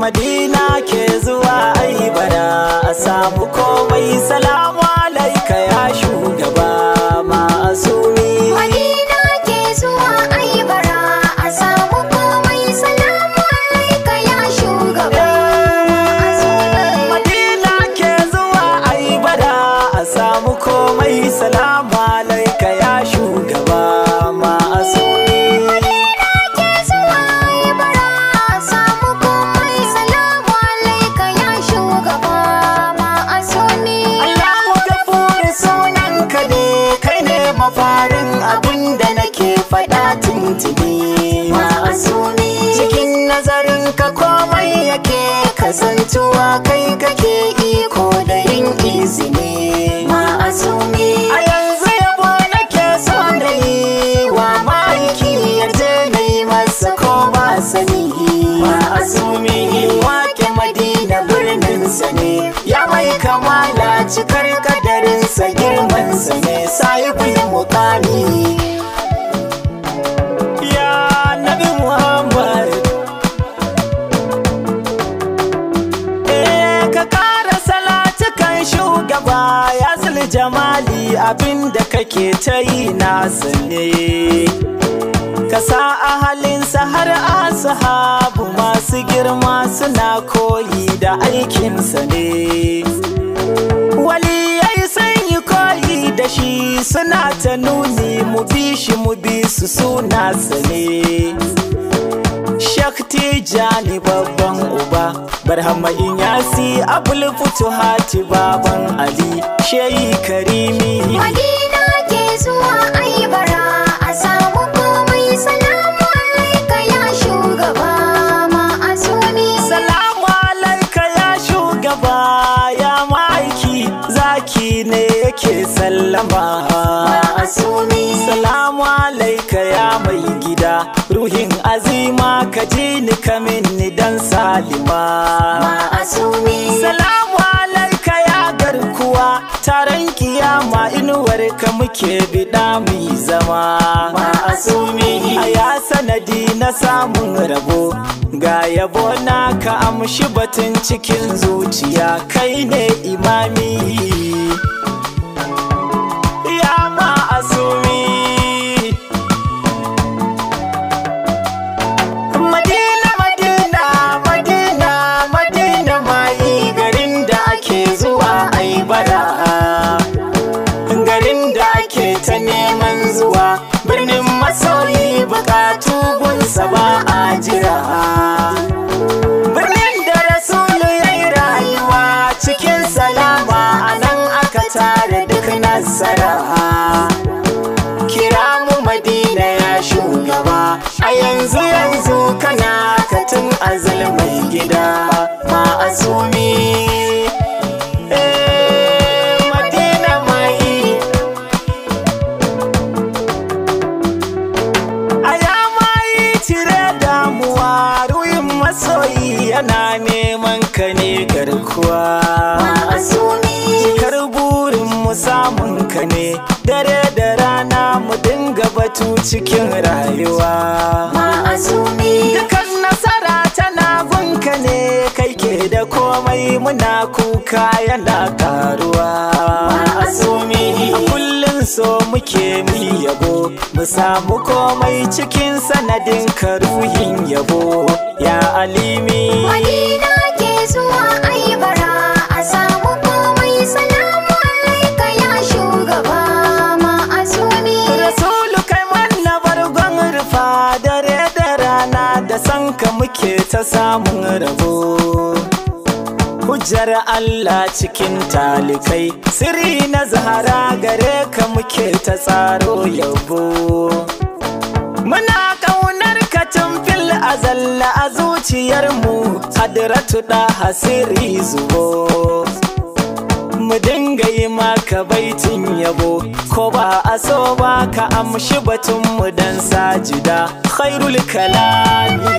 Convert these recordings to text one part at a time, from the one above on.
madina ke zuwa ai bana a samu komai salama. mutuwa kai kake iko da yin izini ma a a yanzu yabo nake so da yi wa ma'aiki ya je na yi masa ko ba sani ma a wake madina birnin sa ne ya mai kamala cikar girman girmansa ne sa yi mukami take ta yi na sanye ka sa ahalinsa har asahabu masu girma suna koyi da aikin ne wali ya yi sanyi koyi da shi suna ta nuni mu bi shi mu bi su suna sane shakti jani babban uba barhama inyasi abul hati baban ali shehi karimi sallama salamu alaika ya mai gida ruhin azima ka ji ni kamin ni dan salima salamu alaika ya garkuwa taron kiyama inuwar ka muke bida mu zama a ya sanadi na samun rabo ga yabo na ka amshi batun cikin zuciya kai ne imami tu cikin rayuwa ma'azumi dukan nasara tana gunka ne kai ke da komai muna kuka yana karuwa ma'azumi a kullum so muke mi yabo mu samu komai cikin sanadin karuhin yabo ya alimi wani na ke zuwa ta samun rabo hujjar Allah cikin talikai siri na zahara gare ka muke ta tsaro yabo muna ƙaunar ka tun fil azalla a zuciyarmu hadratu da hasiri zubo mu dinga yi maka baitin yabo ko ba a so ba ka amshi batun mu dan sajida khairul kalami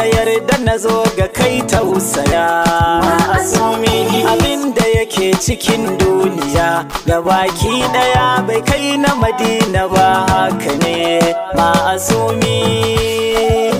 ka yarda na zo ga kai tausaya asumi abin da yake cikin duniya ga baki daya bai kai na madina ba haka ne ma asumi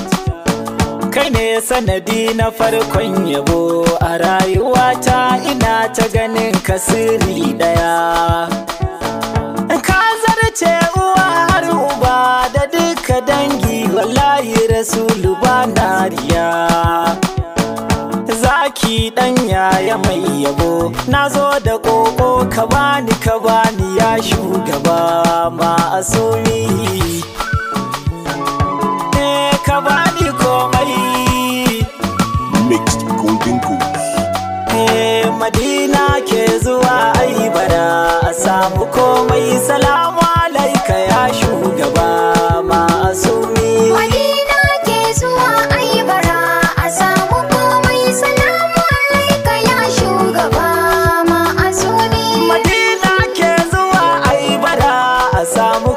kai ne sanadi na farkon yabo a rayuwata ina ta ganin kasiri daya ka zarce uwa har uba da duka dangi wallahi rasulu ba riya zaki dan yaya mai yabo Na zo da koko ka bani ka bani ya shugaba ma amor.